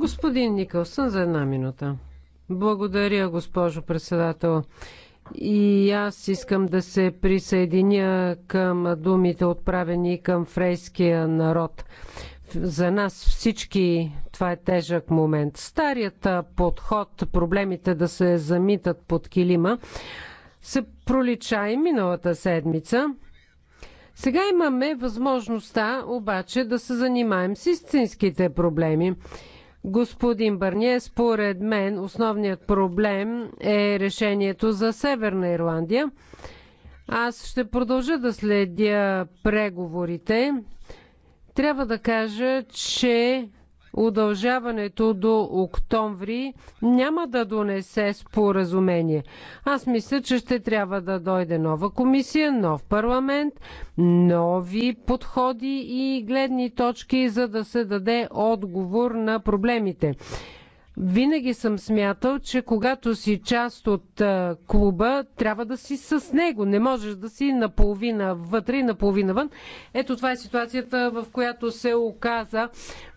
Господин Никълсън за една минута. Благодаря, госпожо председател. И аз искам да се присъединя към думите, отправени към фрейския народ. За нас всички това е тежък момент. Старият подход, проблемите да се замитат под килима, се пролича и миналата седмица. Сега имаме възможността обаче да се занимаем с истинските проблеми. Господин Бърне, според мен основният проблем е решението за Северна Ирландия. Аз ще продължа да следя преговорите. Трябва да кажа, че удължаването до октомври няма да донесе споразумение. Аз мисля, че ще трябва да дойде нова комисия, нов парламент, нови подходи и гледни точки, за да се даде отговор на проблемите. Винаги съм смятал, че когато си част от клуба, трябва да си с него. Не можеш да си наполовина вътре и наполовина вън. Ето това е ситуацията, в която се оказа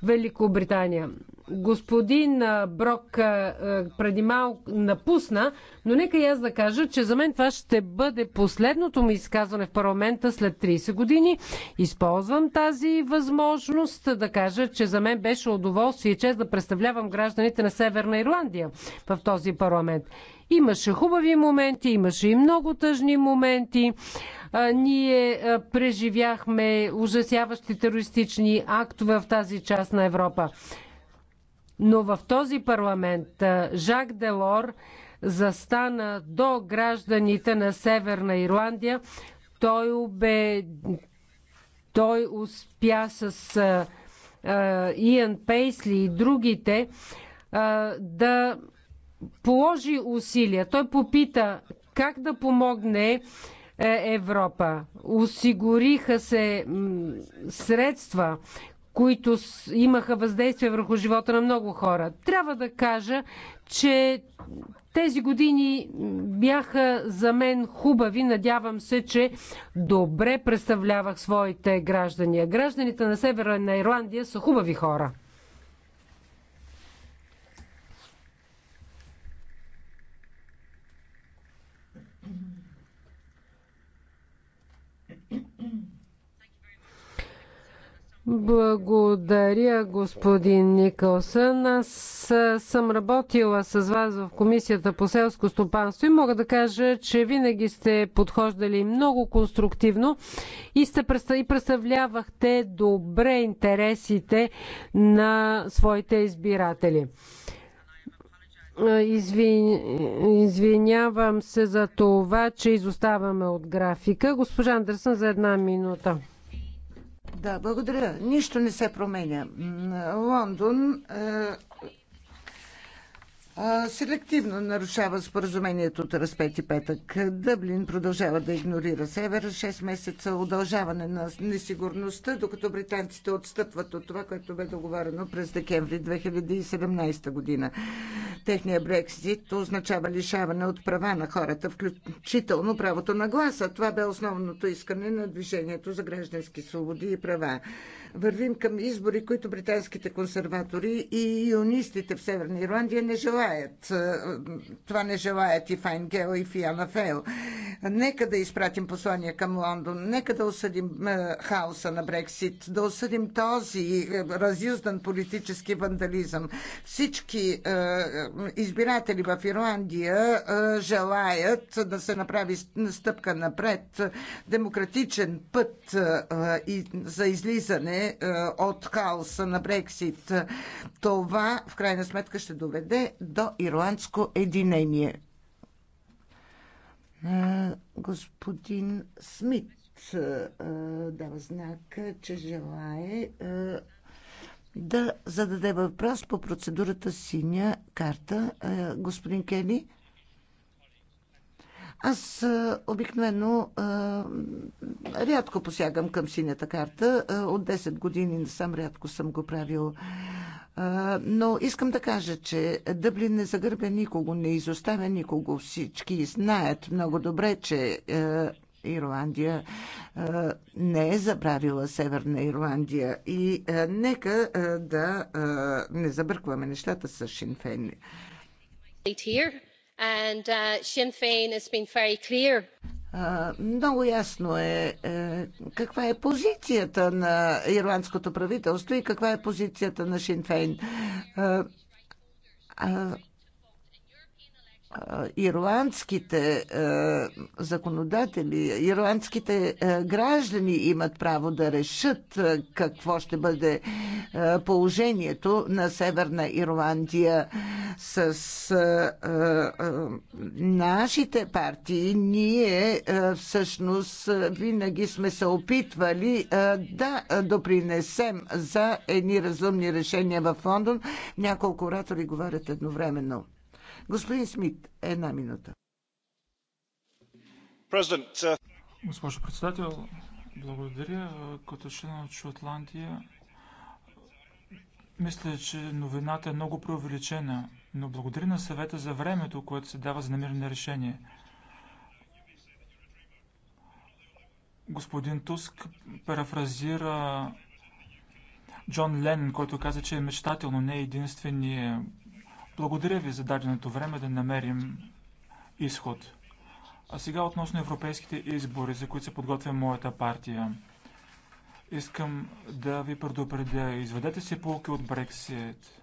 Великобритания. Господин Брок преди малко напусна, но нека и аз да кажа, че за мен това ще бъде последното ми изказване в парламента след 30 години. Използвам тази възможност да кажа, че за мен беше удоволствие и чест да представлявам гражданите на Северна Ирландия в този парламент. Имаше хубави моменти, имаше и много тъжни моменти. А, ние а, преживяхме ужасяващи терористични актове в тази част на Европа. Но в този парламент Жак Делор застана до гражданите на Северна Ирландия. Той, обе... Той успя с Иан Пейсли и другите да положи усилия. Той попита как да помогне е, Европа. Осигуриха се средства, които имаха въздействие върху живота на много хора. Трябва да кажа, че тези години бяха за мен хубави. Надявам се, че добре представлявах своите граждани. Гражданите на Северна Ирландия са хубави хора. Благодаря, господин Никълсън. Аз съм работила с вас в Комисията по селско стопанство и мога да кажа, че винаги сте подхождали много конструктивно и, сте, и представлявахте добре интересите на своите избиратели. Извин... Извинявам се за това, че изоставаме от графика. Госпожа Андерсън за една минута. Да, благодаря. Нищо не се променя. Лондон е, селективно нарушава споразумението от разпети петък. Дъблин продължава да игнорира севера. 6 месеца удължаване на несигурността, докато британците отстъпват от това, което бе договорено през декември 2017 година. Техният Брексит означава лишаване от права на хората, включително правото на гласа. Това бе основното искане на Движението за граждански свободи и права вървим към избори, които британските консерватори и юнистите в Северна Ирландия не желаят. Е, това не желаят и Файн Гел, и Фиана Фейл. Нека да изпратим послание към Лондон, нека да осъдим е, хаоса на Брексит, да осъдим този е, разюздан политически вандализъм. Всички е, избиратели в Ирландия желаят да се направи стъпка напред, демократичен път за излизане от хаоса на Брексит. Това в крайна сметка ще доведе до ирландско единение. Господин Смит дава знак, че желае да зададе въпрос по процедурата синя карта. Господин Кели, аз обикновено рядко посягам към синята карта. От 10 години сам рядко съм го правил но искам да кажа, че Дъблин не загърбя никого, не изоставя никого. Всички знаят много добре, че е, Ирландия е, не е забравила Северна Ирландия. И е, нека да не забъркваме нещата с Шинфен. Много ясно е, е каква е позицията на ирландското правителство и каква е позицията на Шинфейн ирландските законодатели, ирландските граждани имат право да решат какво ще бъде положението на Северна Ирландия с нашите партии. Ние всъщност винаги сме се опитвали да допринесем за едни разумни решения в Лондон. Няколко оратори говорят едновременно. Господин Смит, една минута. Uh, Госпожо председател, благодаря. Като член от Шотландия, мисля, че новината е много преувеличена, но благодаря на съвета за времето, което се дава за намиране на решение. Господин Туск парафразира Джон Ленн, който каза, че е мечтател, но не е единственият благодаря ви за даденото време да намерим изход. А сега относно европейските избори, за които се подготвя моята партия. Искам да ви предупредя, изведете си полки от Брексит.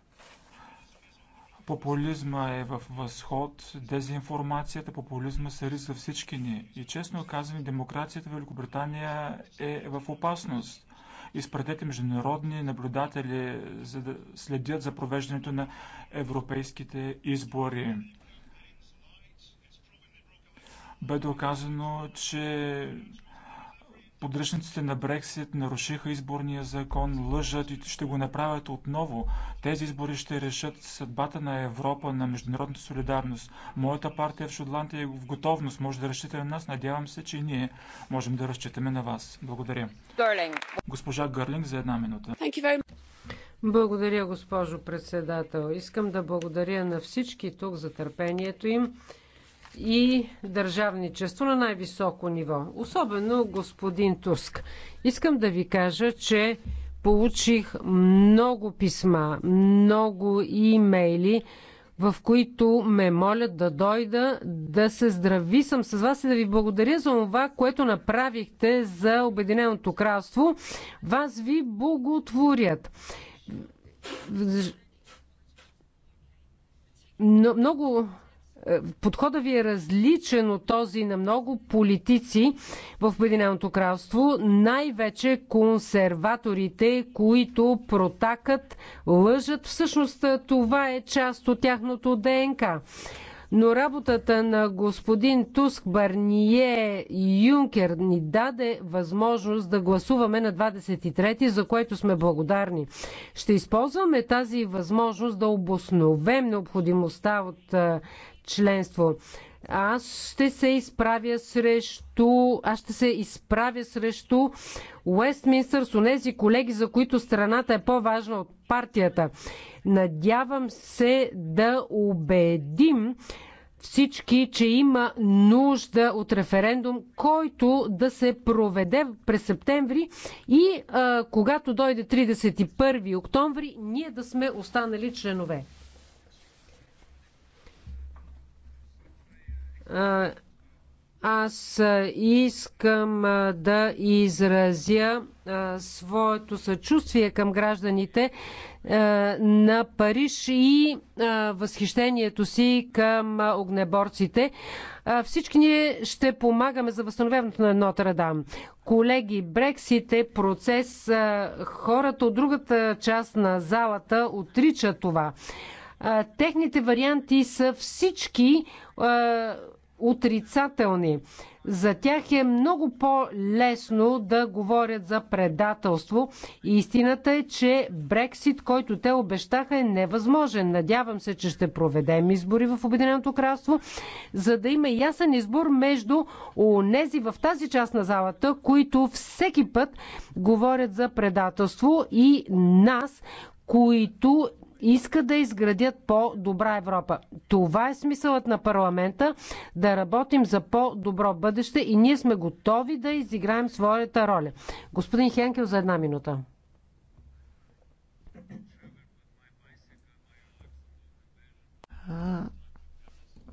Популизма е в възход, дезинформацията, популизма се риск за всички ни. И честно казвам, демокрацията в Великобритания е в опасност изпратете международни наблюдатели, за да следят за провеждането на европейските избори. Бе доказано, че поддръжниците на Брексит нарушиха изборния закон, лъжат и ще го направят отново. Тези избори ще решат съдбата на Европа, на международната солидарност. Моята партия в Шотландия е в готовност. Може да разчитате на нас. Надявам се, че и ние можем да разчитаме на вас. Благодаря. Гърлинг. Госпожа Гърлинг за една минута. Благодаря, госпожо председател. Искам да благодаря на всички тук за търпението им и държавничество на най-високо ниво, особено господин Туск. Искам да ви кажа, че получих много писма, много имейли, в които ме молят да дойда, да се здрави съм с вас и да ви благодаря за това, което направихте за Обединеното кралство. Вас ви боготворят. Много е, подходът ви е различен от този на много политици в Обединеното кралство, най-вече консерваторите, които протакат, лъжат. Всъщност е, това е част от тяхното ДНК. Но работата на господин Туск, Барние Юнкер ни даде възможност да гласуваме на 23-ти, за което сме благодарни. Ще използваме тази възможност да обосновем необходимостта от е, членство. Аз ще се изправя срещу. Аз ще се изправя срещу Уестминстър с онези колеги, за които страната е по-важна от партията. Надявам се да убедим всички, че има нужда от референдум, който да се проведе през септември и а, когато дойде 31 октомври, ние да сме останали членове. Аз искам да изразя своето съчувствие към гражданите на Париж и възхищението си към огнеборците. Всички ние ще помагаме за възстановяването на нотр Колеги, Брексит е процес. Хората от другата част на залата отричат това. Техните варианти са всички отрицателни. За тях е много по-лесно да говорят за предателство. истината е, че Брексит, който те обещаха, е невъзможен. Надявам се, че ще проведем избори в Обединеното кралство, за да има ясен избор между онези в тази част на залата, които всеки път говорят за предателство и нас, които искат да изградят по-добра Европа. Това е смисълът на парламента да работим за по-добро бъдеще и ние сме готови да изиграем своята роля. Господин Хенкел за една минута.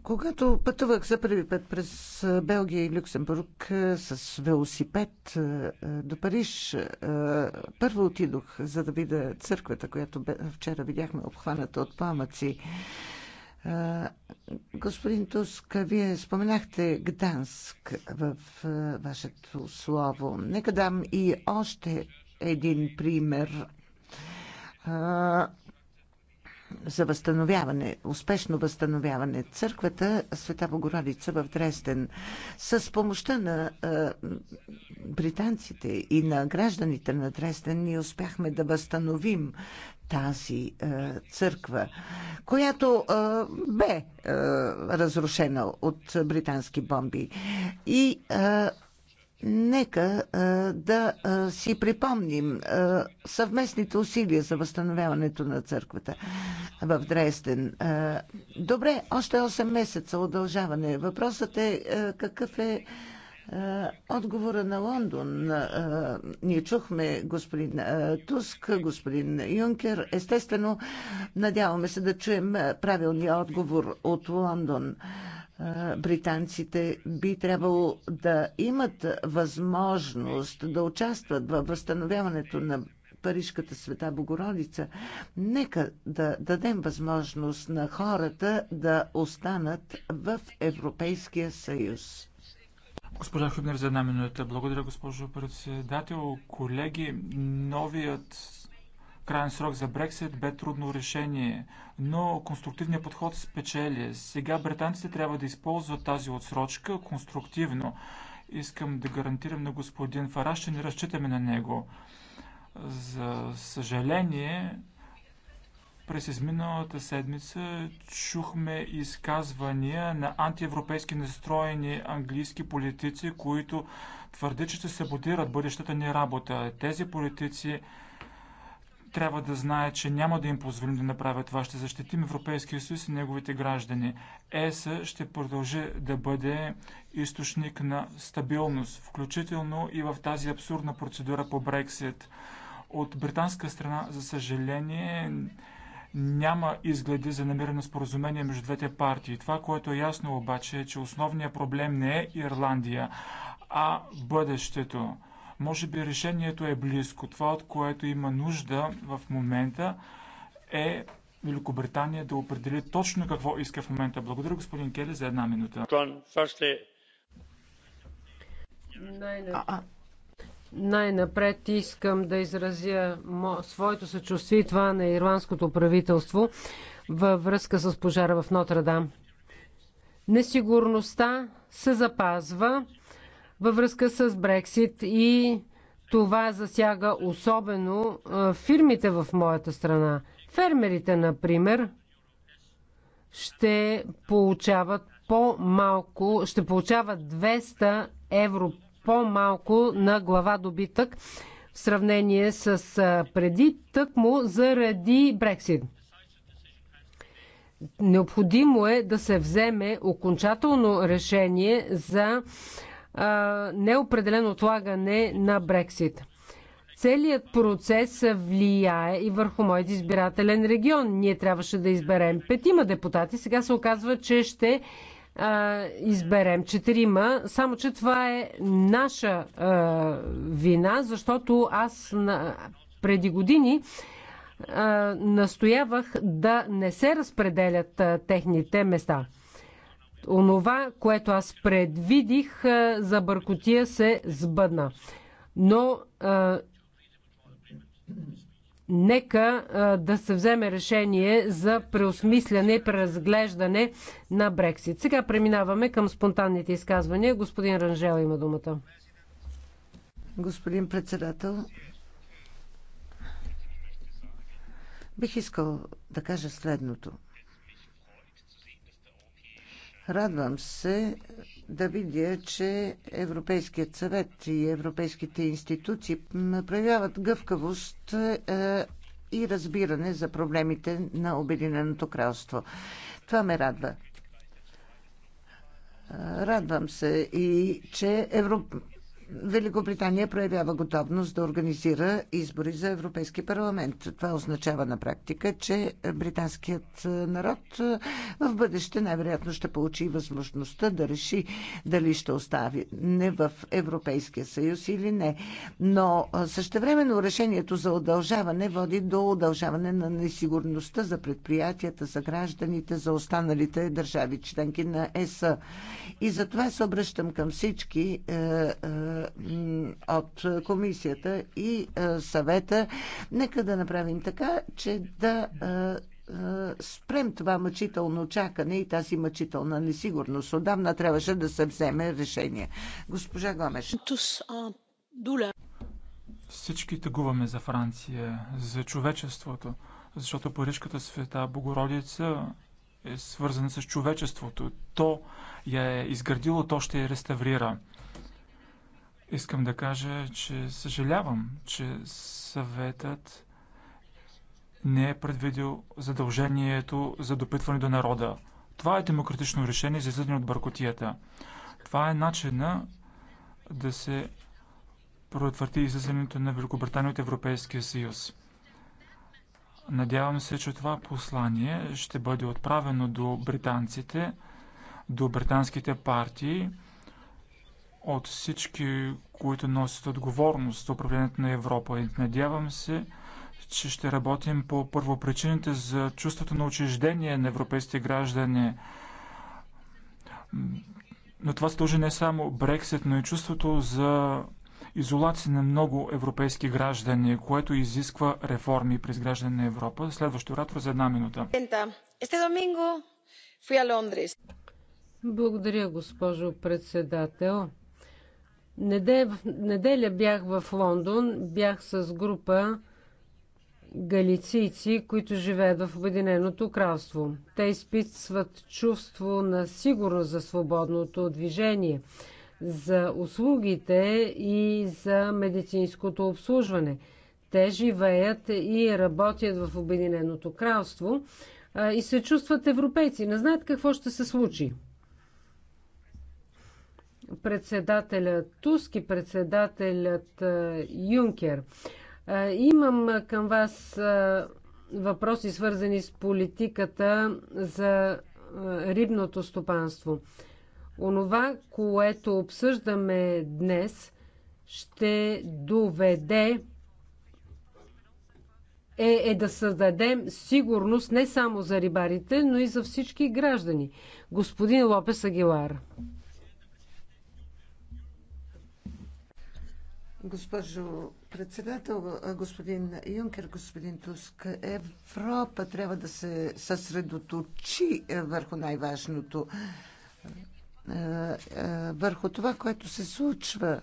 Когато пътувах за първи път през Белгия и Люксембург с велосипед до Париж, първо отидох, за да видя църквата, която вчера видяхме обхваната от пламъци. Господин Туск, вие споменахте Гданск в вашето слово. Нека дам и още един пример за възстановяване, успешно възстановяване. Църквата Света Богородица в Дрезден с помощта на британците и на гражданите на Дрезден ние успяхме да възстановим тази е, църква, която е, бе е, разрушена от британски бомби. И е, Нека а, да а, си припомним а, съвместните усилия за възстановяването на църквата в Дрезден. А, добре, още 8 месеца удължаване. Въпросът е а, какъв е а, отговора на Лондон. А, ние чухме господин а, Туск, господин Юнкер. Естествено, надяваме се да чуем правилния отговор от Лондон. А, британците би трябвало да имат възможност да участват във възстановяването на Парижката света Богородица. Нека да дадем възможност на хората да останат в Европейския съюз. Госпожа Хубнер, за една минута. Благодаря, госпожо председател. Колеги, новият крайен срок за Брексит бе трудно решение, но конструктивният подход спечели. Сега британците трябва да използват тази отсрочка конструктивно. Искам да гарантирам на господин Фараш, че не разчитаме на него. За съжаление, през изминалата седмица чухме изказвания на антиевропейски настроени английски политици, които твърдят, че ще саботират бъдещата ни работа. Тези политици трябва да знаят, че няма да им позволим да направят това. Ще защитим Европейския съюз и неговите граждани. ЕС ще продължи да бъде източник на стабилност, включително и в тази абсурдна процедура по Брексит. От британска страна, за съжаление, няма изгледи за намиране споразумение между двете партии. Това, което е ясно обаче, е, че основният проблем не е Ирландия, а бъдещето може би решението е близко. Това, от което има нужда в момента, е Великобритания да определи точно какво иска в момента. Благодаря, господин Кели, за една минута. Е- Най-напред искам да изразя своето съчувствие това на ирландското правителство във връзка с пожара в Нотрадам. Несигурността се запазва във връзка с Брексит и това засяга особено фирмите в моята страна. Фермерите, например, ще получават по-малко, ще получават 200 евро по-малко на глава добитък в сравнение с преди тъкмо заради Брексит. Необходимо е да се вземе окончателно решение за неопределено отлагане на Брексит. Целият процес влияе и върху моят избирателен регион. Ние трябваше да изберем петима депутати. Сега се оказва, че ще а, изберем четирима. Само, че това е наша а, вина, защото аз на, преди години а, настоявах да не се разпределят а, техните места. Онова, което аз предвидих за Бъркотия се сбъдна. Но а, нека а, да се вземе решение за преосмисляне и преразглеждане на Брексит. Сега преминаваме към спонтанните изказвания. Господин Ранжел има думата. Господин председател, бих искал да кажа следното – Радвам се да видя, че Европейският съвет и европейските институции проявяват гъвкавост е, и разбиране за проблемите на Обединеното кралство. Това ме радва. Радвам се и, че Европа Великобритания проявява готовност да организира избори за Европейски парламент. Това означава на практика, че британският народ в бъдеще най-вероятно ще получи възможността да реши дали ще остави не в Европейския съюз или не. Но същевременно решението за удължаване води до удължаване на несигурността за предприятията, за гражданите, за останалите държави членки на ЕС. И затова се обръщам към всички е, е, от комисията и е, съвета. Нека да направим така, че да е, е, спрем това мъчително чакане и тази мъчителна несигурност. Отдавна трябваше да се вземе решение. Госпожа Гомеш. Всички тъгуваме за Франция, за човечеството, защото Парижката света Богородица е свързана с човечеството. То я е изградило, то ще я реставрира. Искам да кажа, че съжалявам, че съветът не е предвидил задължението за допитване до народа. Това е демократично решение за излизане от бъркотията. Това е начина да се предотврати излизането на Великобритания от Европейския съюз. Надявам се, че това послание ще бъде отправено до британците, до британските партии, от всички, които носят отговорност за управлението на Европа. надявам се, че ще работим по първопричините за чувството на учреждение на европейските граждани. Но това се дължи не само Брексит, но и чувството за изолация на много европейски граждани, което изисква реформи при изграждане на Европа. Следващо оратор за една минута. Благодаря, госпожо председател. Неделя бях в Лондон, бях с група галицийци, които живеят в Обединеното кралство. Те изпитват чувство на сигурност за свободното движение, за услугите и за медицинското обслужване. Те живеят и работят в Обединеното кралство и се чувстват европейци. Не знаят какво ще се случи. Председателя Туск и председателят Юнкер. Имам към вас въпроси, свързани с политиката за рибното стопанство. Онова, което обсъждаме днес, ще доведе е, е да създадем сигурност не само за рибарите, но и за всички граждани. Господин Лопес Агилар. Госпожо председател, господин Юнкер, господин Туск, Европа трябва да се съсредоточи е, върху най-важното, е, е, върху това, което се случва.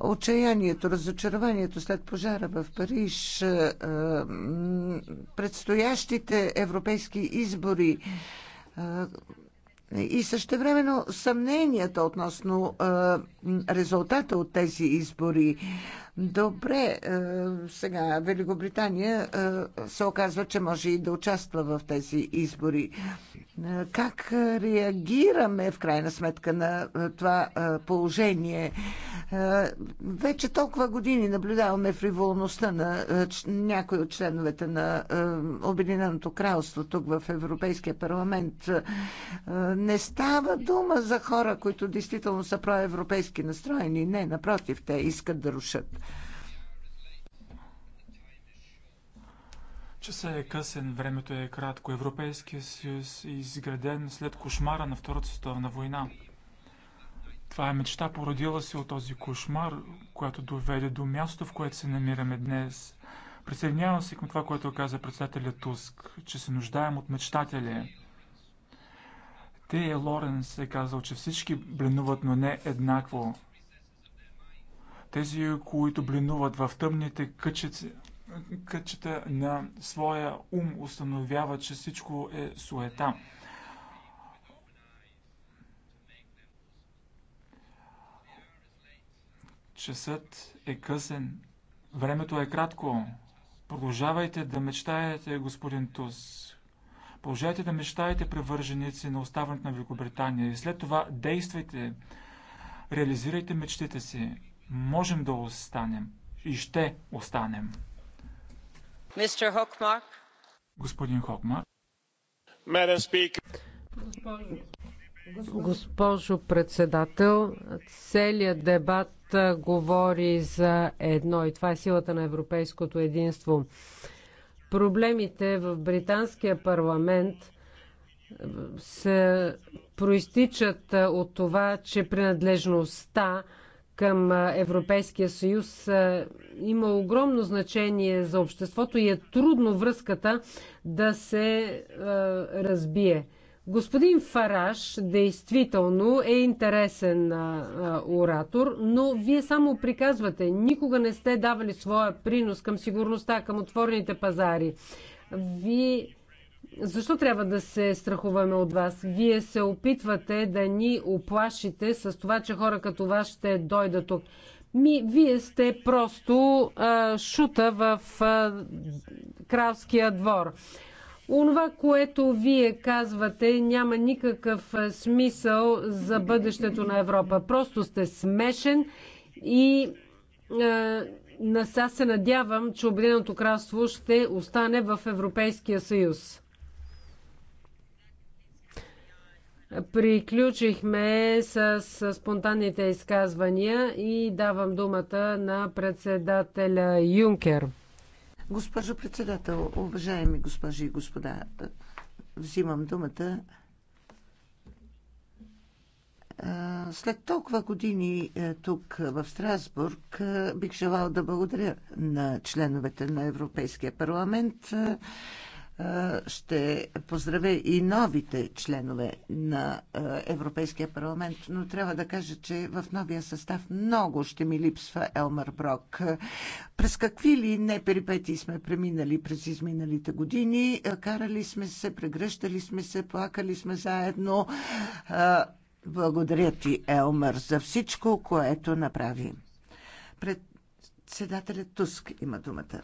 Отчаянието, разочарованието след пожара в Париж, предстоящите европейски избори, и същевременно съмненията относно резултата от тези избори Добре, е, сега Великобритания е, се оказва, че може и да участва в тези избори. Е, как реагираме в крайна сметка на това положение? Вече толкова години наблюдаваме фриволността на някои от членовете на Обединеното кралство тук в Европейския парламент. Не става дума за хора, които действително са проевропейски настроени. Не, напротив, те искат да рушат. Часа е късен, времето е кратко. Европейския съюз е изграден след кошмара на Втората световна война. Това е мечта, породила се от този кошмар, която доведе до място, в което се намираме днес. Присъединявам се към това, което каза председателя Туск, че се нуждаем от мечтатели. Тея Лоренс е казал, че всички бленуват, но не еднакво. Тези, които бленуват в тъмните къчици кътчета на своя ум установява, че всичко е суета. Часът е късен. Времето е кратко. Продължавайте да мечтаете, господин Тус. Продължавайте да мечтаете, привърженици на оставането на Великобритания. И след това действайте. Реализирайте мечтите си. Можем да останем. И ще останем. Господин Хокмарк. Госпожо председател, целият дебат говори за едно и това е силата на европейското единство. Проблемите в британския парламент се проистичат от това, че принадлежността към Европейския съюз има огромно значение за обществото и е трудно връзката да се разбие. Господин Фараш действително е интересен а, а, оратор, но вие само приказвате. Никога не сте давали своя принос към сигурността, към отворените пазари. Вие защо трябва да се страхуваме от вас? Вие се опитвате да ни оплашите с това, че хора като вас ще дойдат тук. Ми, вие сте просто а, шута в а, кралския двор. Онова, което вие казвате, няма никакъв смисъл за бъдещето на Европа. Просто сте смешен и а, се надявам, че Обединеното кралство ще остане в Европейския съюз. Приключихме с, спонтанните изказвания и давам думата на председателя Юнкер. Госпожо председател, уважаеми госпожи и господа, взимам думата след толкова години тук в Страсбург бих желал да благодаря на членовете на Европейския парламент ще поздравя и новите членове на Европейския парламент, но трябва да кажа, че в новия състав много ще ми липсва Елмар Брок. През какви ли не перипети сме преминали през изминалите години, карали сме се, прегръщали сме се, плакали сме заедно. Благодаря ти, Елмар, за всичко, което направи. Председателят Туск има думата.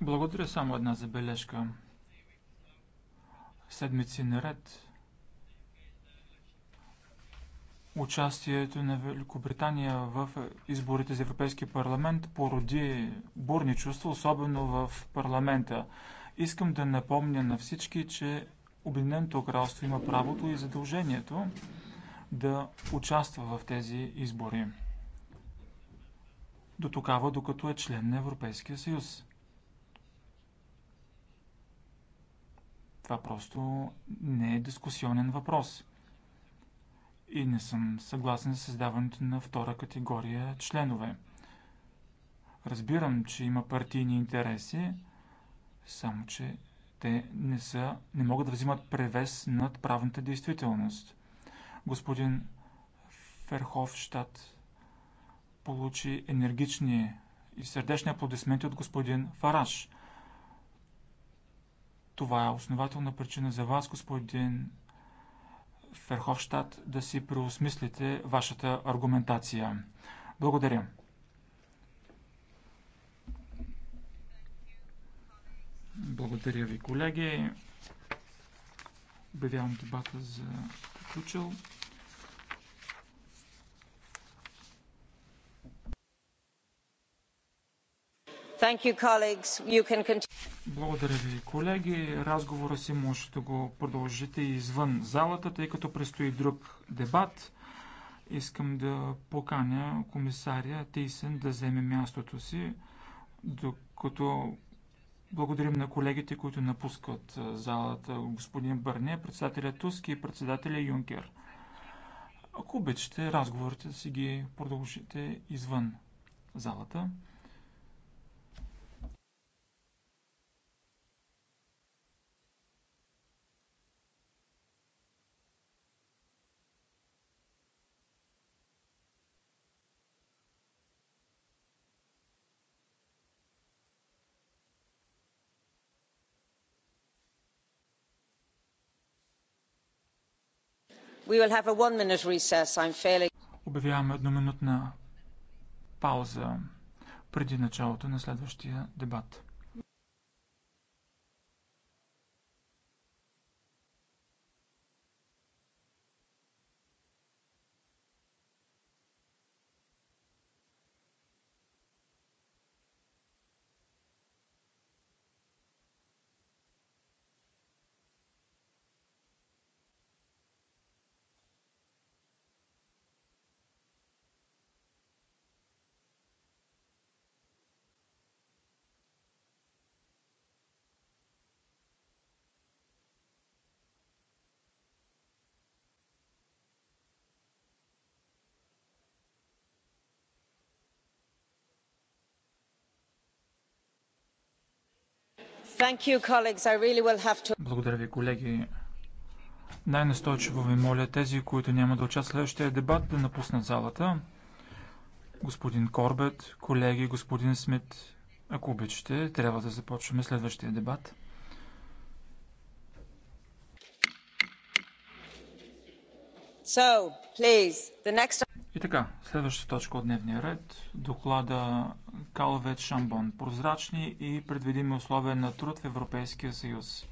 Благодаря само една забележка. Седмици наред участието на Великобритания в изборите за Европейски парламент породи бурни чувства, особено в парламента. Искам да напомня на всички, че Обединеното кралство има правото и задължението да участва в тези избори. До тогава, докато е член на Европейския съюз. Това просто не е дискусионен въпрос. И не съм съгласен с създаването на втора категория членове. Разбирам, че има партийни интереси, само че те не, са, не могат да взимат превес над правната действителност. Господин Ферховщад получи енергични и сърдечни аплодисменти от господин Фараш. Това е основателна причина за вас, господин Ферховщад, да си преосмислите вашата аргументация. Благодаря. Благодаря ви, колеги. Обявявам дебата за приключил. Благодаря ви, колеги. Разговора си може да го продължите извън залата, тъй като предстои друг дебат. Искам да поканя комисаря Тейсен да вземе мястото си, докато благодарим на колегите, които напускат залата. Господин Бърне, председателя Туски и председателя Юнкер. Ако обичате, разговорите си ги продължите извън залата. Обявяваме едноминутна пауза преди началото на следващия дебат. Благодаря ви, колеги. Най-настойчиво ви моля тези, които няма да участват в следващия дебат, да напуснат залата. Господин Корбет, колеги, господин Смит, ако обичате, трябва да започваме следващия дебат. So, please, the next... И така, следващата точка от дневния ред. Доклада Калвет Шамбон. Прозрачни и предвидими условия на труд в Европейския съюз.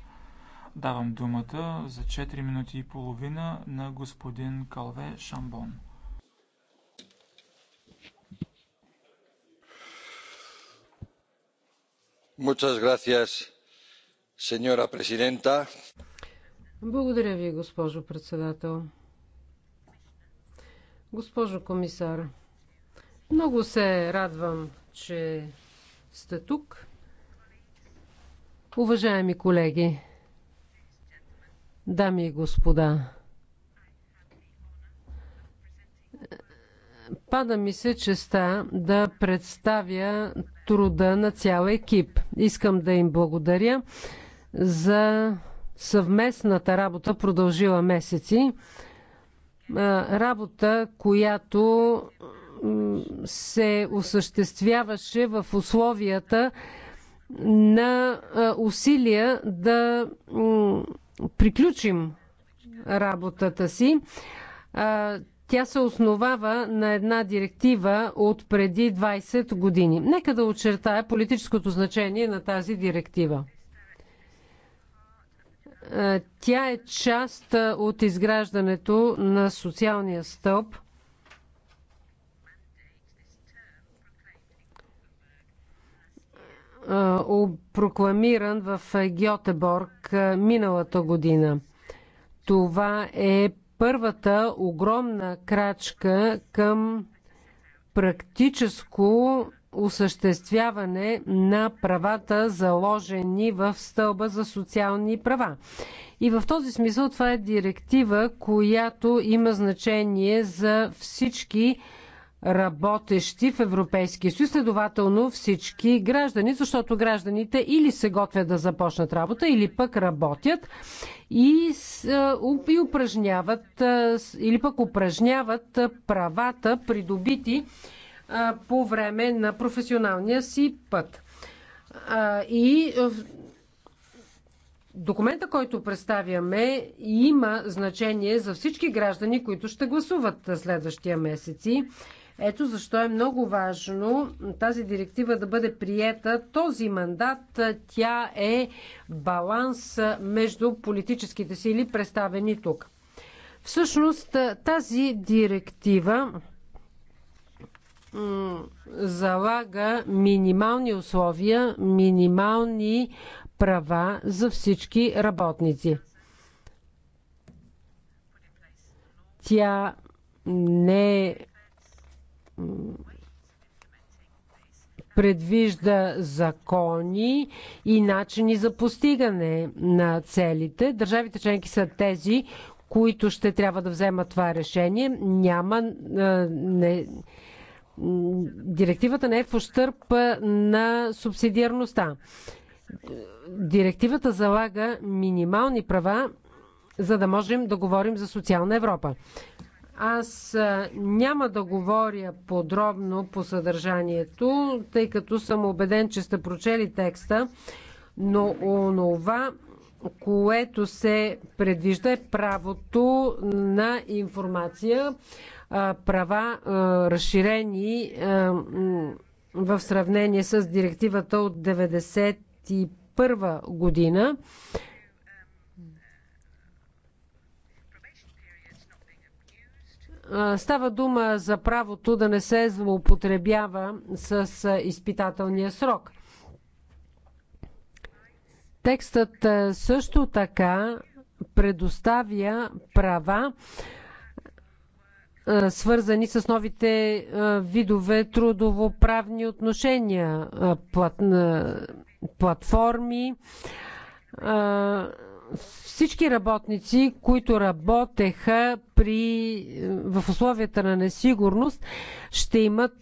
Давам думата за 4 минути и половина на господин Калве Шамбон. Gracias, Благодаря ви, госпожо председател. Госпожо комисар, много се радвам, че сте тук. Уважаеми колеги, дами и господа, пада ми се честа да представя труда на цял екип. Искам да им благодаря за съвместната работа, продължила месеци работа, която се осъществяваше в условията на усилия да приключим работата си. Тя се основава на една директива от преди 20 години. Нека да очертая политическото значение на тази директива. Е, тя е част е, от изграждането на социалния стълб. Е, прокламиран в Гьотеборг миналата година. Това е първата огромна крачка към практическо осъществяване на правата, заложени в стълба за социални права. И в този смисъл това е директива, която има значение за всички работещи в Европейския съюз, следователно всички граждани, защото гражданите или се готвят да започнат работа, или пък работят и, е, и упражняват, е, или пък упражняват правата, придобити по време на професионалния си път. И документа, който представяме, има значение за всички граждани, които ще гласуват следващия месеци. Ето защо е много важно тази директива да бъде приета. Този мандат, тя е баланс между политическите сили, представени тук. Всъщност тази директива залага минимални условия, минимални права за всички работници. Тя не предвижда закони и начини за постигане на целите. Държавите членки са тези, които ще трябва да вземат това решение. Няма не, директивата не е в ощърп на субсидиарността. Директивата залага минимални права, за да можем да говорим за социална Европа. Аз няма да говоря подробно по съдържанието, тъй като съм убеден, че сте прочели текста, но онова, което се предвижда е правото на информация права, разширени в сравнение с директивата от 1991 година. Става дума за правото да не се злоупотребява с изпитателния срок. Текстът също така предоставя права е, свързани с новите е, видове трудовоправни отношения, е, плат, платформи. Всички работници, които работеха при, в условията на несигурност, ще имат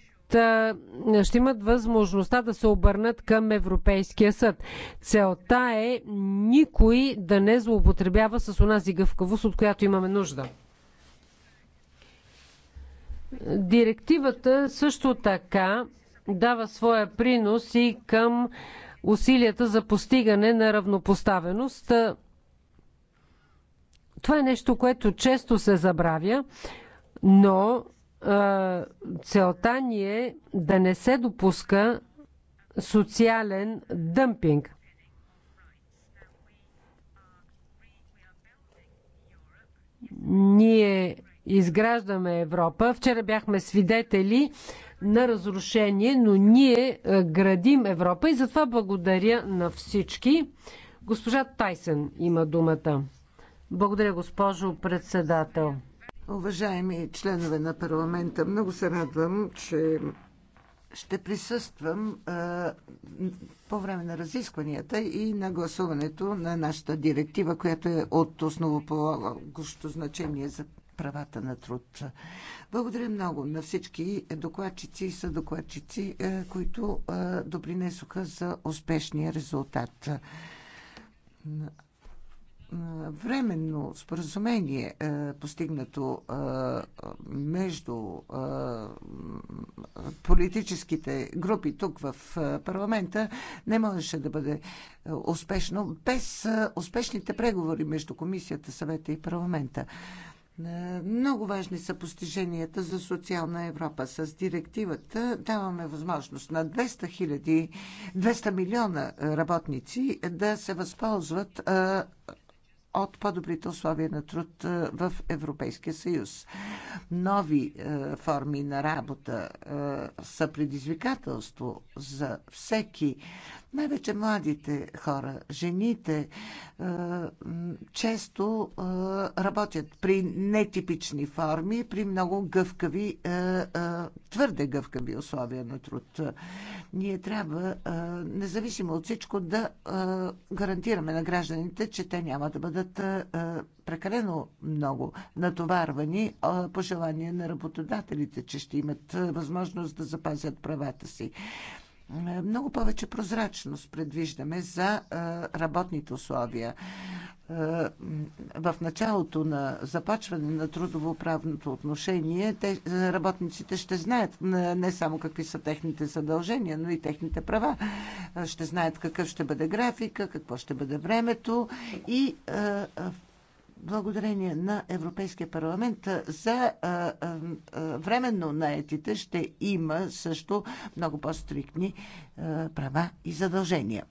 ще имат възможността да се обърнат към Европейския съд. Целта е никой да не злоупотребява с онази гъвкавост, от която имаме нужда. Директивата също така дава своя принос и към усилията за постигане на равнопоставеност. Това е нещо, което често се забравя, но целта ни е да не се допуска социален дъмпинг. Ние изграждаме Европа. Вчера бяхме свидетели на разрушение, но ние е, градим Европа и затова благодаря на всички. Госпожа Тайсън има думата. Благодаря, госпожо председател. Уважаеми членове на парламента, много се радвам, че ще присъствам а, е, по време на разискванията и на гласуването на нашата директива, която е от основополагащо значение за правата на труд. Благодаря много на всички докладчици и съдокладчици, е, които е, допринесоха за успешния резултат. Е, временно споразумение, постигнато между политическите групи тук в парламента, не можеше да бъде успешно без успешните преговори между Комисията, съвета и парламента. Много важни са постиженията за социална Европа. С директивата даваме възможност на 200, 000, 200 милиона работници да се възползват от по-добрите условия на труд в Европейския съюз. Нови форми на работа са предизвикателство за всеки, най-вече младите хора, жените, е, често е, работят при нетипични форми, при много гъвкави, е, твърде гъвкави условия на труд. Ние трябва, независимо от всичко, да гарантираме на гражданите, че те няма да бъдат прекалено много натоварвани по желание на работодателите, че ще имат възможност да запазят правата си. Е, много повече прозрачност предвиждаме за е, работните условия. Е, в началото на започване на трудово правното отношение те, работниците ще знаят не само какви са техните задължения, но и техните права. Ще знаят какъв ще бъде графика, какво ще бъде времето и благодарение на Европейския парламент за временно наетите ще има също много по-стрикни права и задължения.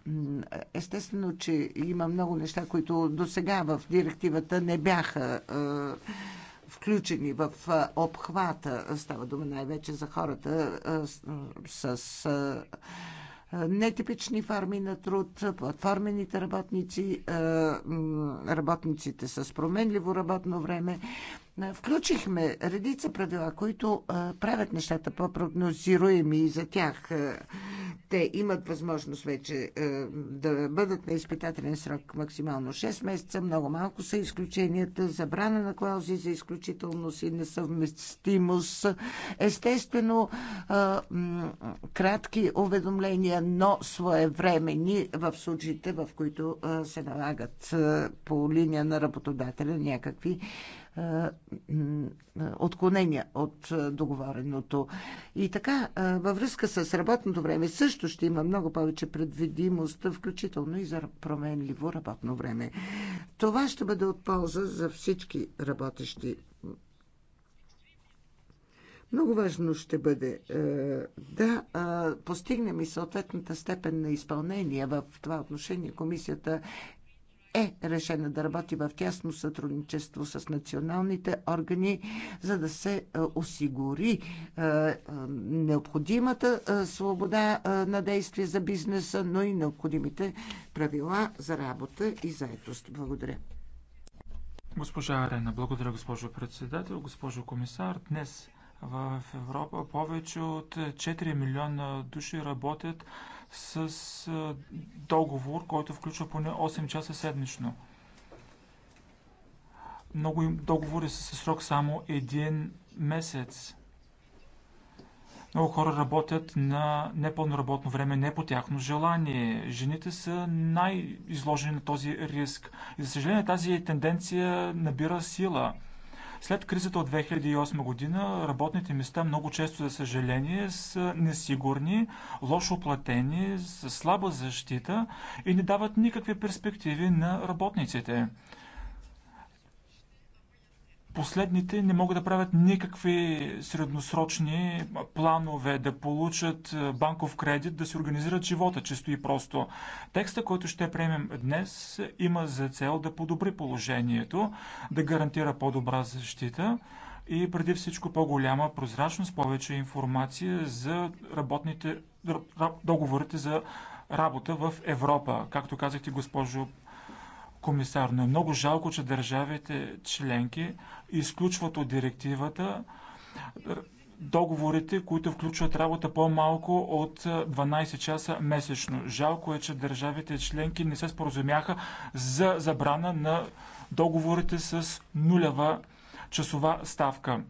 Естествено, че има много неща, които до сега в директивата не бяха включени в обхвата. Става дума най-вече за хората с нетипични форми на труд, платформените работници, работниците с променливо работно време. Е, включихме редица правила, които е, правят нещата по-прогнозируеми и за тях е, те имат възможност вече да бъдат на изпитателен срок максимално 6 месеца. Много малко са изключенията, забрана на клаузи за изключителност и несъвместимост. Естествено, кратки уведомления, но своевремени в случаите, в които се налагат по линия на работодателя някакви отклонения от договореното. И така, във връзка с работното време също ще има много повече предвидимост, включително и за променливо работно време. Това ще бъде от полза за всички работещи. Много важно ще бъде е, да е, постигнем и съответната степен на изпълнение. В това отношение комисията е решена да работи в тясно сътрудничество с националните органи, за да се е, осигури е, е, необходимата свобода на действие за бизнеса, но и необходимите правила за работа и заедост. Благодаря. Госпожа Арена, благодаря госпожо председател, госпожо комисар. Днес в Европа повече от 4 милиона души работят с договор, който включва поне 8 часа седмично. Много договори са със срок само един месец. Много хора работят на непълно работно време, не по тяхно желание. Жените са най-изложени на този риск. И за съжаление тази тенденция набира сила – след кризата от 2008 година работните места много често, за съжаление, са несигурни, лошо платени, с слаба защита и не дават никакви перспективи на работниците. Последните не могат да правят никакви средносрочни планове, да получат е, банков кредит, да се организират живота, чисто и просто. Текста, който ще приемем днес, има за цел да подобри положението, да гарантира по-добра защита и преди всичко по-голяма прозрачност, повече информация за работните, договорите за работа в Европа. Както казахте, госпожо комисар, но е много жалко, че държавите членки изключват от директивата е, договорите, които включват работа по-малко от 12 е, часа месечно. Жалко е, че държавите членки не се споразумяха за забрана на договорите с нулева часова ставка.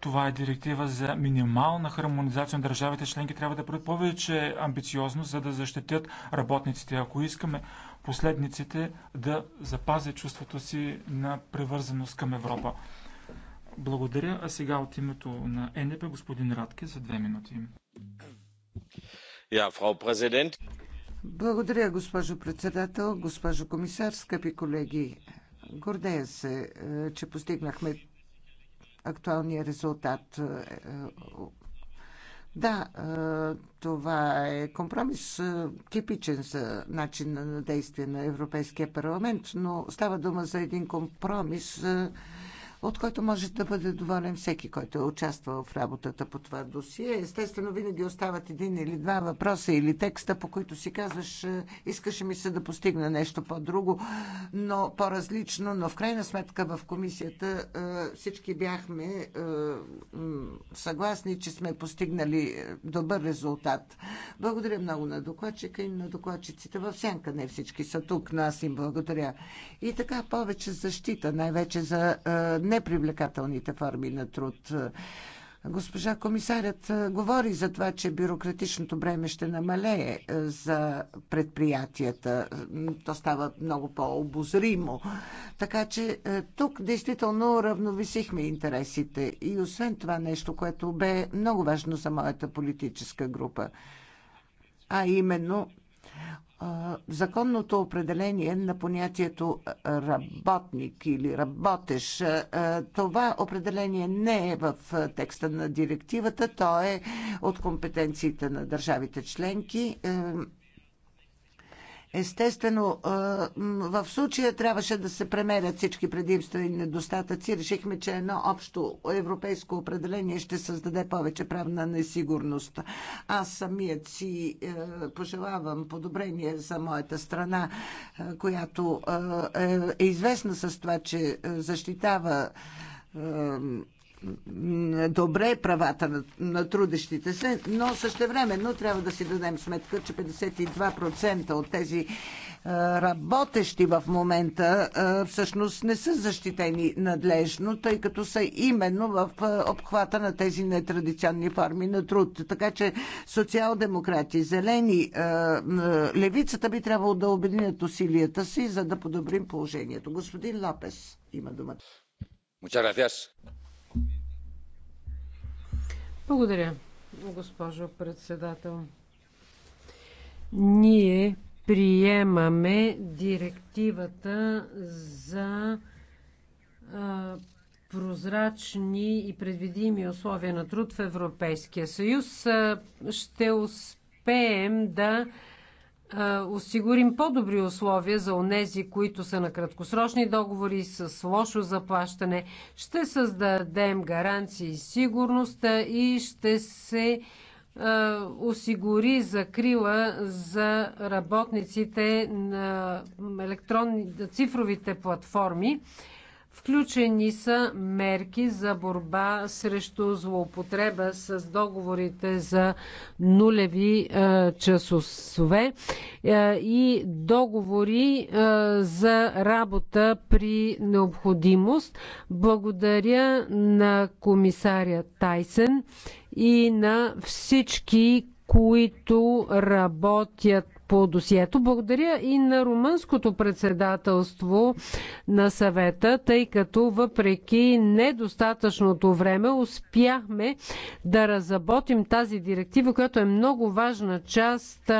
Това е директива за минимална хармонизация на държавите членки. Трябва да бъдат повече амбициозно, за да защитят работниците. Ако искаме последниците да запази чувството си на превързаност към Европа. Благодаря, а сега от името на НДП е господин Радке за две минути. Ja, Frau Präsident. Благодаря, госпожо председател, госпожо комисар, скъпи колеги. Гордея се, е, че постигнахме актуалния резултат е, да, това е компромис, типичен за начин на действие на Европейския парламент, но става дума за един компромис от който може да бъде доволен всеки, който е участвал в работата по това досие. Естествено, винаги остават един или два въпроса или текста, по които си казваш, е, искаше ми се да постигна нещо по-друго, но по-различно, но в крайна сметка в комисията е, всички бяхме е, съгласни, че сме постигнали добър резултат. Благодаря много на докладчика и на докладчиците в сянка. Не всички са тук, но аз им благодаря. И така повече защита, най-вече за непривлекателните форми на труд. Госпожа комисарят говори за това, че бюрократичното бреме ще намалее за предприятията. То става много по-обозримо. Така че тук действително равновесихме интересите. И освен това нещо, което бе много важно за моята политическа група, а именно законното определение на понятието работник или работеш Това определение не е в текста на директивата, то е от компетенциите на държавите членки. Естествено, в случая трябваше да се премерят всички предимства и недостатъци. Решихме, че едно общо европейско определение ще създаде повече правна несигурност. Аз самият си е, пожелавам подобрение за моята страна, е, която е, е известна с това, че защитава добре правата на, на трудещите се, но същевременно трябва да си дадем сметка, че 52% от тези е, работещи в момента е, всъщност не са защитени надлежно, тъй като са именно в е, обхвата на тези нетрадиционни форми на труд. Така че социал-демократи, зелени, левицата би трябвало да обединят усилията си, за да подобрим положението. Господин Лапес има думата. Благодаря, госпожо председател. Ние приемаме директивата за а, прозрачни и предвидими условия на труд в Европейския съюз. Ще успеем да осигурим по-добри условия за онези, които са на краткосрочни договори с лошо заплащане, ще създадем гаранции и сигурност и ще се осигури закрила за работниците на електронни цифровите платформи Включени са мерки за борба срещу злоупотреба с договорите за нулеви е, часове е, и договори е, за работа при необходимост. Благодаря на комисаря Тайсен и на всички, които работят по досието. Благодаря и на румънското председателство на съвета, тъй като въпреки недостатъчното време успяхме да разработим тази директива, която е много важна част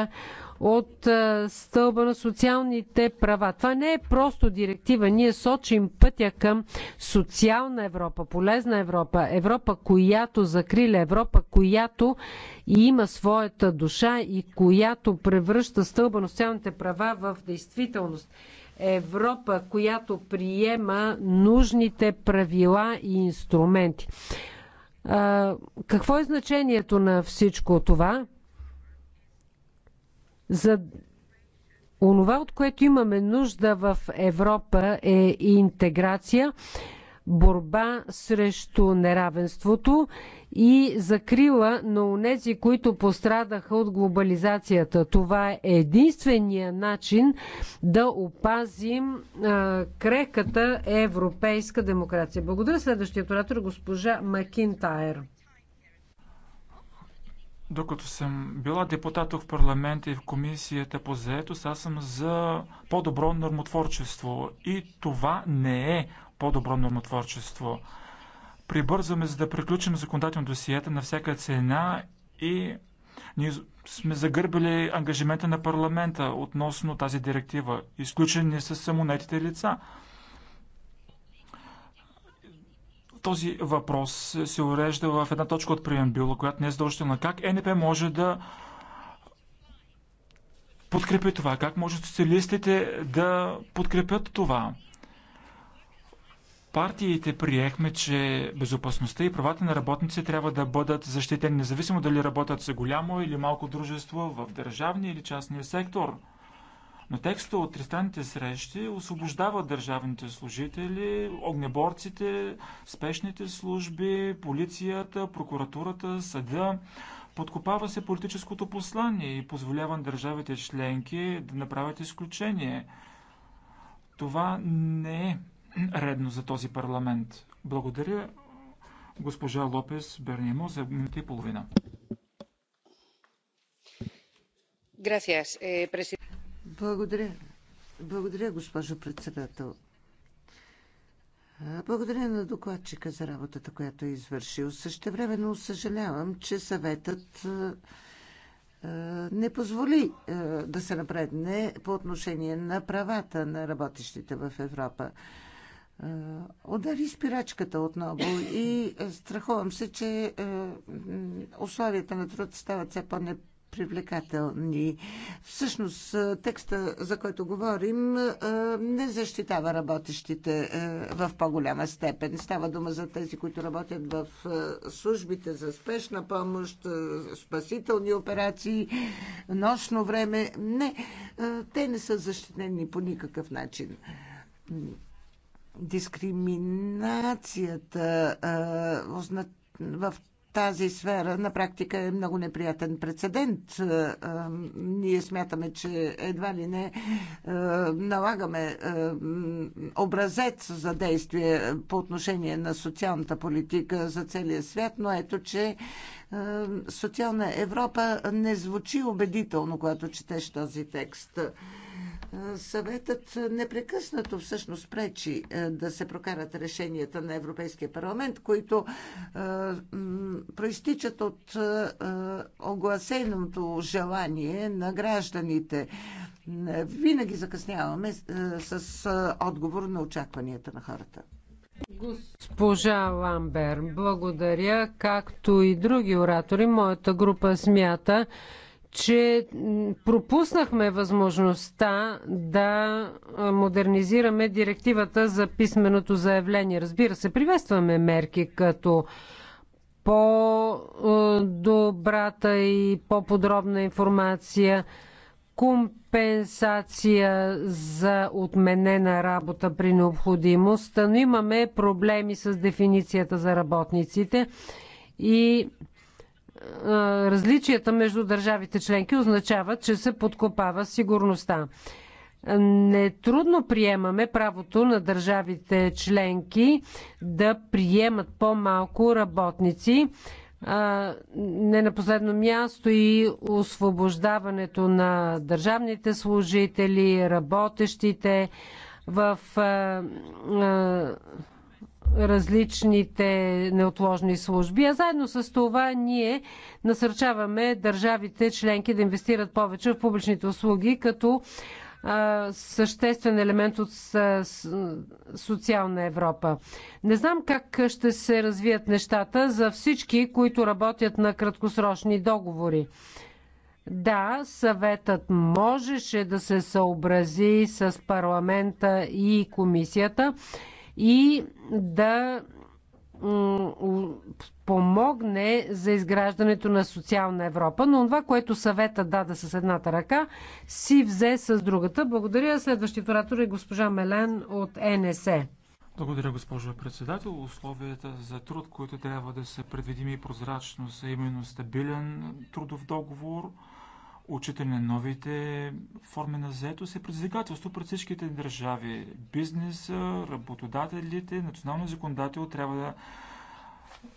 от е, стълба на социалните права. Това не е просто директива. Ние сочим пътя към социална Европа, полезна Европа, Европа, която закриля, Европа, която има своята душа и която превръща стълба на социалните права в действителност. Европа, която приема нужните правила и инструменти. Е, какво е значението на всичко това? За онова, от което имаме нужда в Европа е интеграция, борба срещу неравенството и закрила на унези, които пострадаха от глобализацията. Това е единствения начин да опазим а, крехката европейска демокрация. Благодаря следващия оратор, е госпожа Макинтайр. Докато съм била депутат тук в парламента и в комисията по заетост, аз съм за по-добро нормотворчество. И това не е по-добро нормотворчество. Прибързваме, за да приключим законодателно досиета на всяка цена и ние сме загърбили ангажимента на парламента относно тази директива. Изключени са самонетите лица. Този въпрос се урежда в една точка от преамбюла, която не е задължителна. Как НП може да подкрепи това? Как може социалистите да подкрепят това? партиите приехме, че безопасността и правата на работници трябва да бъдат защитени, независимо дали работят за голямо или малко дружество в държавния или частния сектор – но текста от тристранните срещи освобождава държавните служители, огнеборците, спешните служби, полицията, прокуратурата, съда. Подкопава се политическото послание и позволява на държавите членки да направят изключение. Това не е редно за този парламент. Благодаря госпожа Лопес Бернимо за минута и половина. Gracias, eh, благодаря. Благодаря, госпожо председател. Благодаря на докладчика за работата, която е извършил. Същевременно съжалявам, че съветът е, е, не позволи е, да се напредне по отношение на правата на работещите в Европа. Удари спирачката отново и страхувам се, че условията на труд стават все по-непредвидими привлекателни. Всъщност, е, текста, за който говорим, е, не защитава работещите е, в по-голяма степен. Става дума за тези, които работят в службите за спешна помощ, спасителни операции, нощно време. Не, те не са защитени по никакъв начин дискриминацията в тази сфера на практика е много неприятен прецедент. Е, е, ние смятаме, че едва ли не е, налагаме образец за действие по отношение на социалната политика за целия свят, но ето, че социална Европа не звучи убедително, когато четеш този текст. Съветът непрекъснато всъщност пречи е, да се прокарат решенията на Европейския парламент, които е, проистичат от е, огласеното желание на гражданите. Винаги закъсняваме с отговор на очакванията на хората. Госпожа Ламбер, благодаря. Както и други оратори, моята група смята, че пропуснахме възможността да модернизираме директивата за писменото заявление. Разбира се, приветстваме мерки като по-добрата и по-подробна информация, компенсация за отменена работа при необходимост, но имаме проблеми с дефиницията за работниците и различията между държавите членки означават, че се подкопава сигурността. Нетрудно приемаме правото на държавите членки да приемат по-малко работници. Не на последно място и освобождаването на държавните служители, работещите в различните неотложни служби, а заедно с това ние насърчаваме държавите членки да инвестират повече в публичните услуги, като съществен елемент от социална Европа. Не знам как ще се развият нещата за всички, които работят на краткосрочни договори. Да, съветът можеше да се съобрази с парламента и комисията и да помогне за изграждането на социална Европа, но това, което съвета даде с едната ръка, си взе с другата. Благодаря. Следващият оратор е госпожа Мелен от НСЕ. Благодаря, госпожо председател. Условията за труд, които трябва да са предвидими и прозрачно, са именно стабилен трудов договор – учители на новите форми на заетост е предизвикателство пред всичките държави. Бизнеса, работодателите, национално законодател трябва да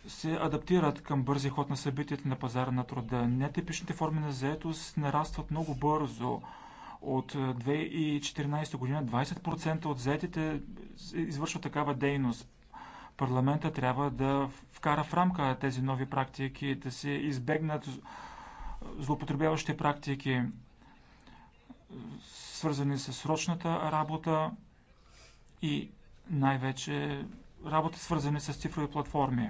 се адаптират към бързи ход на събитията на пазара на труда. Нетипичните форми на заетост нарастват много бързо. От 2014 година 20% от заетите извършват такава дейност. Парламента трябва да вкара в рамка тези нови практики, да се избегнат злоупотребяващи практики, свързани с срочната работа и най-вече работа, свързани с цифрови платформи.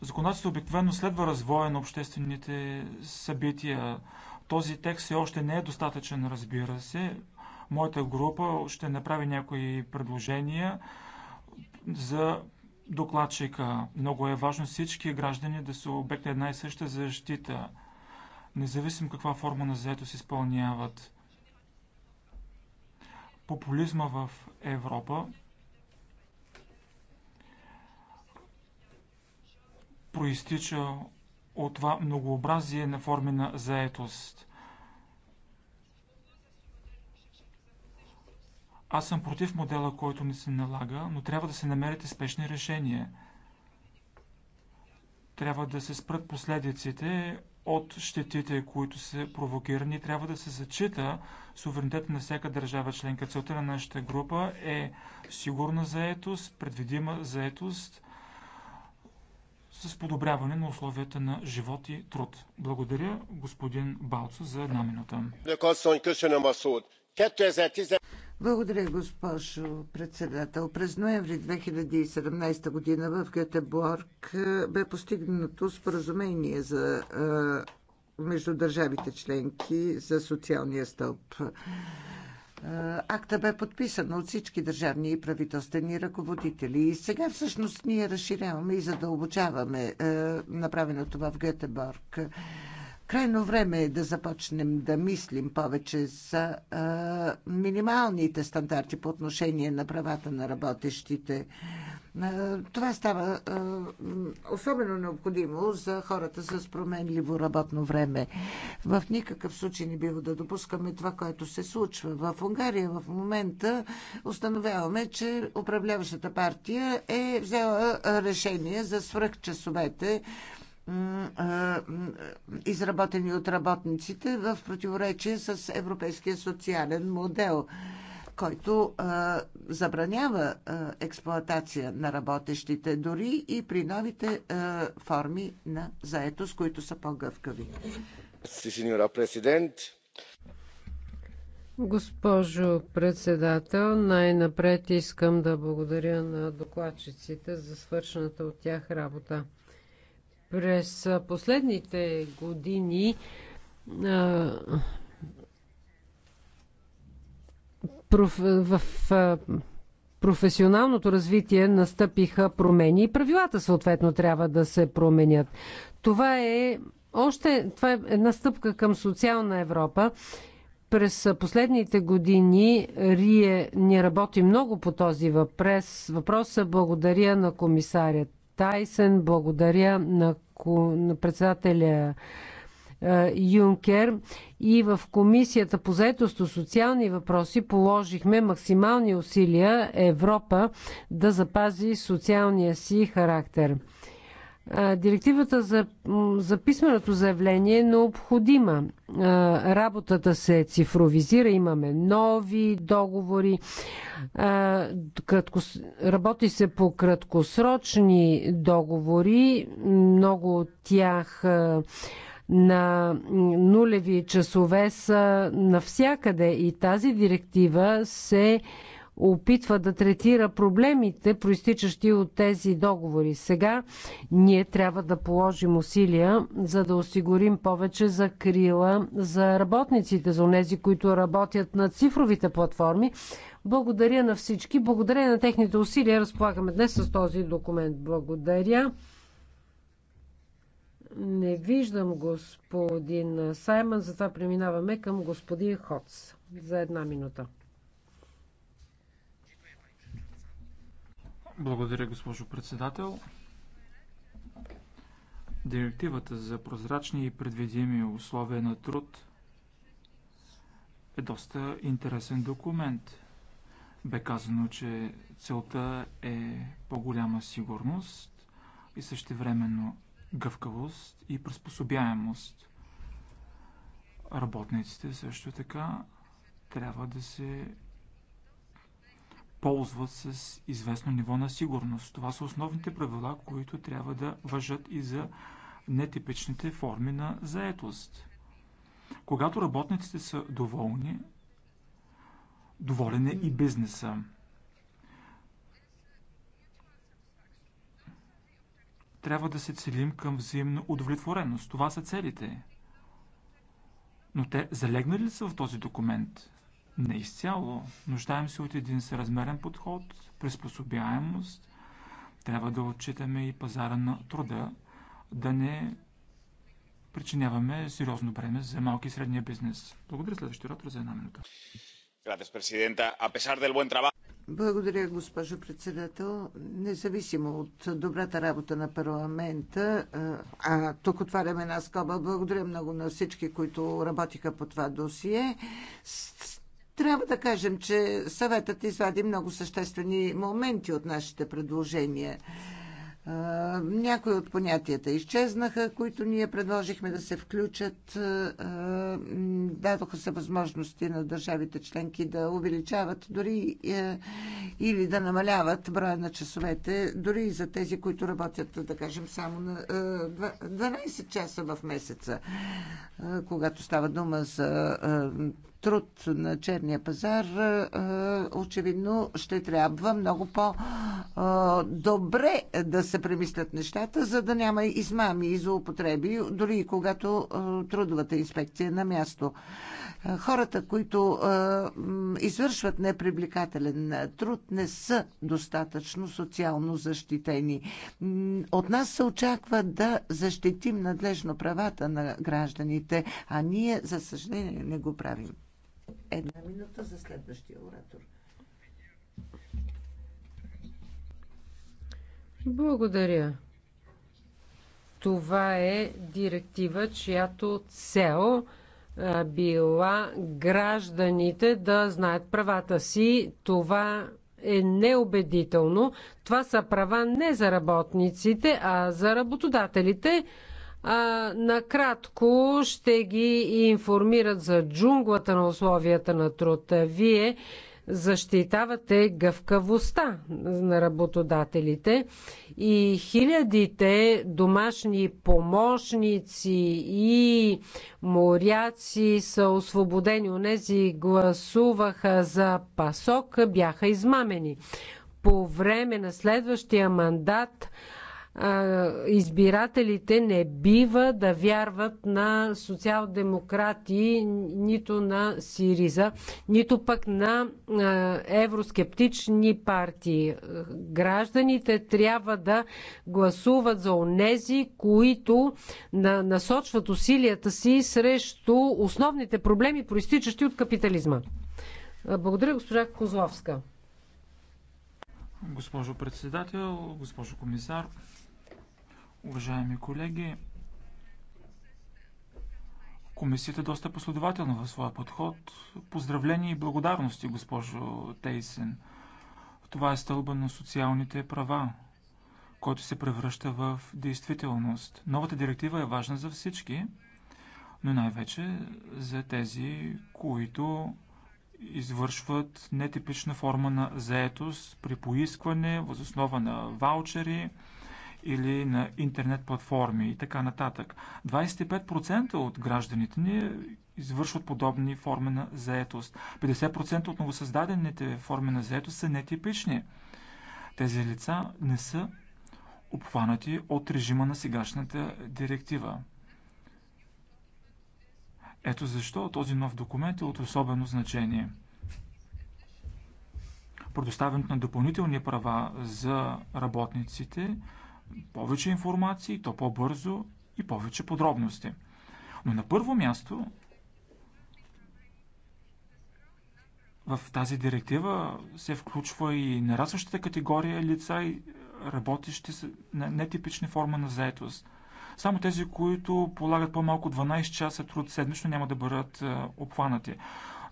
Законодателството обикновено следва развоя на обществените събития. Този текст все още не е достатъчен, разбира се. Моята група ще направи някои предложения за докладчика. Много е важно всички граждани да са обект на една и съща защита, независимо каква форма на заетост изпълняват. Популизма в Европа проистича от това многообразие на форми на заетост. Аз съм против модела, който ни се налага, но трябва да се намерят спешни решения. Трябва да се спрат последиците от щетите, които са провокирани. Трябва да се зачита суверенитета на всяка държава членка. Целта на нашата група е сигурна заетост, предвидима заетост с подобряване на условията на живот и труд. Благодаря господин Балцо за една минута. Благодаря, госпожо председател. През ноември 2017 година в Гетеборг е, бе постигнато споразумение за, е, между държавите членки за социалния стълб. Е, акта бе подписан от всички държавни и правителствени ръководители. И сега всъщност ние разширяваме и задълбочаваме направеното в Гетеборг. Крайно време е да започнем да мислим повече за а, минималните стандарти по отношение на правата на работещите. А, това става а, особено необходимо за хората с променливо работно време. В никакъв случай не бива да допускаме това, което се случва. В Унгария в момента установяваме, че управляващата партия е взела решение за свръхчасовете изработени от работниците в противоречие с европейския социален модел, който а, забранява а, експлоатация на работещите дори и при новите а, форми на заетост, които са по-гъвкави. Синьора президент. Госпожо председател, най-напред искам да благодаря на докладчиците за свършената от тях работа. През последните години в професионалното развитие настъпиха промени и правилата съответно трябва да се променят. Това е още това е една стъпка към социална Европа. През последните години Рие ни работи много по този въпрос. Въпроса благодаря на комисарят Тайсен, благодаря на председателя е, Юнкер и в Комисията по заедост социални въпроси положихме максимални усилия Европа да запази социалния си характер. Директивата за, за писменото заявление е необходима. Работата се цифровизира, имаме нови договори, кратко, работи се по краткосрочни договори, много от тях на нулеви часове са навсякъде и тази директива се опитва да третира проблемите, проистичащи от тези договори. Сега ние трябва да положим усилия, за да осигурим повече закрила за работниците, за тези, които работят на цифровите платформи. Благодаря на всички. Благодаря на техните усилия. Разполагаме днес с този документ. Благодаря. Не виждам господин Саймън, затова преминаваме към господин Хоц за една минута. Благодаря, госпожо председател. Директивата за прозрачни и предвидими условия на труд е доста интересен документ. Бе казано, че целта е по-голяма сигурност и същевременно гъвкавост и приспособяемост. Работниците също така трябва да се ползват с известно ниво на сигурност. Това са основните правила, които трябва да въжат и за нетипичните форми на заетост. Когато работниците са доволни, доволен е и бизнеса. Трябва да се целим към взаимна удовлетвореност. Това са целите. Но те залегнали ли са в този документ? Не изцяло. Нуждаем се от един съразмерен подход, приспособяемост. Трябва да отчитаме и пазара на труда, да не причиняваме сериозно бреме за малки и средния бизнес. Благодаря следващия ротор за една минута. Благодаря, госпожо председател. Независимо от добрата работа на парламента, а тук отваряме една скоба, благодаря много на всички, които работиха по това досие. Трябва да кажем, че съветът извади много съществени моменти от нашите предложения. Някои от понятията изчезнаха, които ние предложихме да се включат. Дадоха се възможности на държавите членки да увеличават дори или да намаляват броя на часовете, дори и за тези, които работят, да кажем, само на 12 часа в месеца, когато става дума за труд на черния пазар, е, очевидно ще трябва много по-добре да се премислят нещата, за да няма измами и злоупотреби, дори и когато е, трудовата инспекция е на място. Е, хората, които извършват непривлекателен труд, не са достатъчно социално защитени. От нас се очаква да защитим надлежно правата на гражданите, а ние, за съжаление, не го правим. Една минута за следващия оратор. Благодаря. Това е директива, чиято цел била гражданите да знаят правата си. Това е неубедително. Това са права не за работниците, а за работодателите а, накратко ще ги информират за джунглата на условията на труд. Вие защитавате гъвкавостта на работодателите и хилядите домашни помощници и моряци са освободени. Онези гласуваха за пасок, бяха измамени. По време на следващия мандат избирателите не бива да вярват на социал-демократи, нито на Сириза, нито пък на евроскептични партии. Гражданите трябва да гласуват за онези, които насочват усилията си срещу основните проблеми, проистичащи от капитализма. Благодаря, госпожа Козловска. Госпожо председател, госпожо комисар, Уважаеми колеги, комисията е доста последователна в своя подход. Поздравления и благодарности, госпожо Тейсен. Това е стълба на социалните права, който се превръща в действителност. Новата директива е важна за всички, но най-вече за тези, които извършват нетипична форма на заетост при поискване, възоснова на ваучери – или на интернет платформи и така нататък. 25% от гражданите ни извършват подобни форми на заетост. 50% от новосъздадените форми на заетост са нетипични. Тези лица не са обхванати от режима на сегашната директива. Ето защо този нов документ е от особено значение. Предоставянето на допълнителни права за работниците – повече информация и то по-бързо и повече подробности. Но на първо място в тази директива се включва и нарастващата категория лица и работещи с нетипични форма на заетост. Само тези, които полагат по-малко 12 часа труд седмично, няма да бъдат е, обхванати.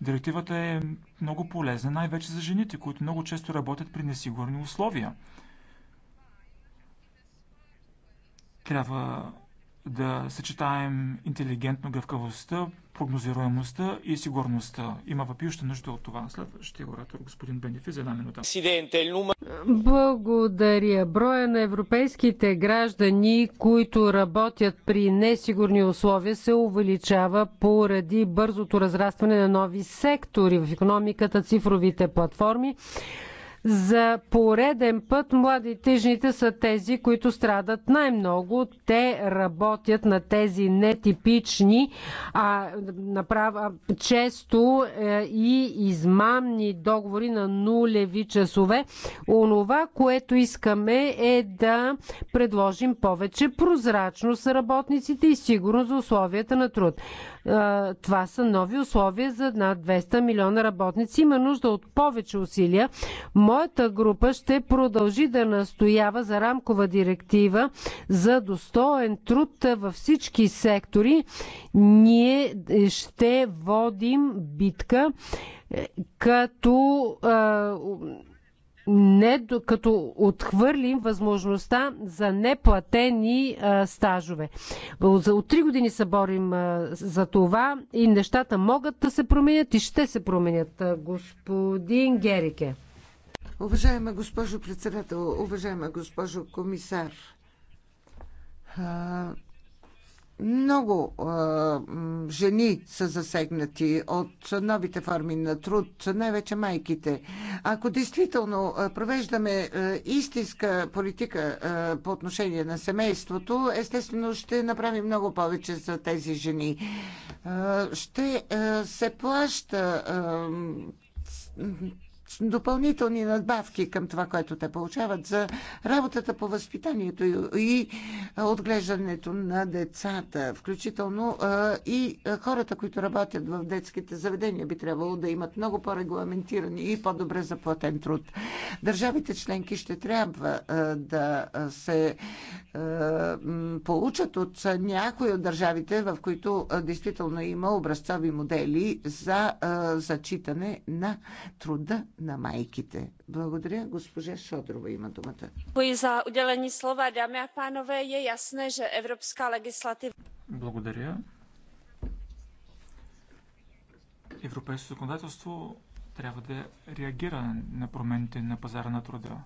Директивата е много полезна, най-вече за жените, които много често работят при несигурни условия. Трябва да съчетаем интелигентно гъвкавостта, прогнозируемостта и сигурността. Има въпиюща нужда от това. Следващия оратор, господин Бенефи, за една минута. Благодаря. Броя на европейските граждани, които работят при несигурни условия, се увеличава поради бързото разрастване на нови сектори в економиката, цифровите платформи за пореден път младите жените са тези, които страдат най-много. Те работят на тези нетипични, а направа, често е, и измамни договори на нулеви часове. Онова, което искаме е да предложим повече прозрачност за работниците и сигурност за условията на труд. Това са нови условия за над 200 милиона работници. Има нужда от повече усилия. Моята група ще продължи да настоява за рамкова директива за достоен труд във всички сектори. Ние ще водим битка е, като е, не, като отхвърлим възможността за неплатени а, е, стажове. За, от три години се борим а, за това и нещата могат да се променят и ще се променят. Господин Герике. Уважаема госпожо председател, уважаема госпожо комисар, много жени са засегнати от новите форми на труд, най-вече майките. Ако действително провеждаме истинска политика по отношение на семейството, естествено ще направим много повече за тези жени. ще се плаща допълнителни надбавки към това, което те получават за работата по възпитанието и отглеждането на децата, включително и хората, които работят в детските заведения, би трябвало да имат много по-регламентирани и по-добре заплатен труд. Държавите членки ще трябва да се получат от някои от държавите, в които действително има образцови модели за зачитане на труда на майките. Благодаря. Госпожа Шодрова има думата. Děkuji за udělení слова, дами и панове. Е ясно, че европейска легислатива... Благодаря. Европейското законодателство трябва да реагира на промените на пазара на труда,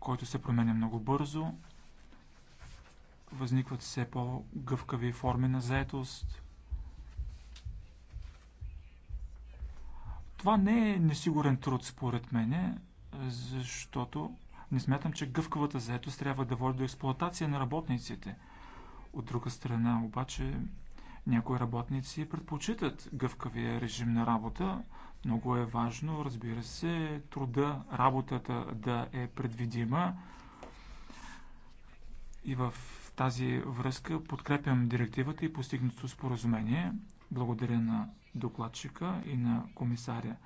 който се променя много бързо. Възникват все по-гъвкави форми на заетост, Това не е несигурен труд, според мен, защото не смятам, че гъвкавата заетост трябва да води до експлоатация на работниците. От друга страна, обаче, някои работници предпочитат гъвкавия режим на работа. Много е важно, разбира се, труда, работата да е предвидима. И в тази връзка подкрепям директивата и постигнато споразумение. Благодаря на докладчика и на комисаря.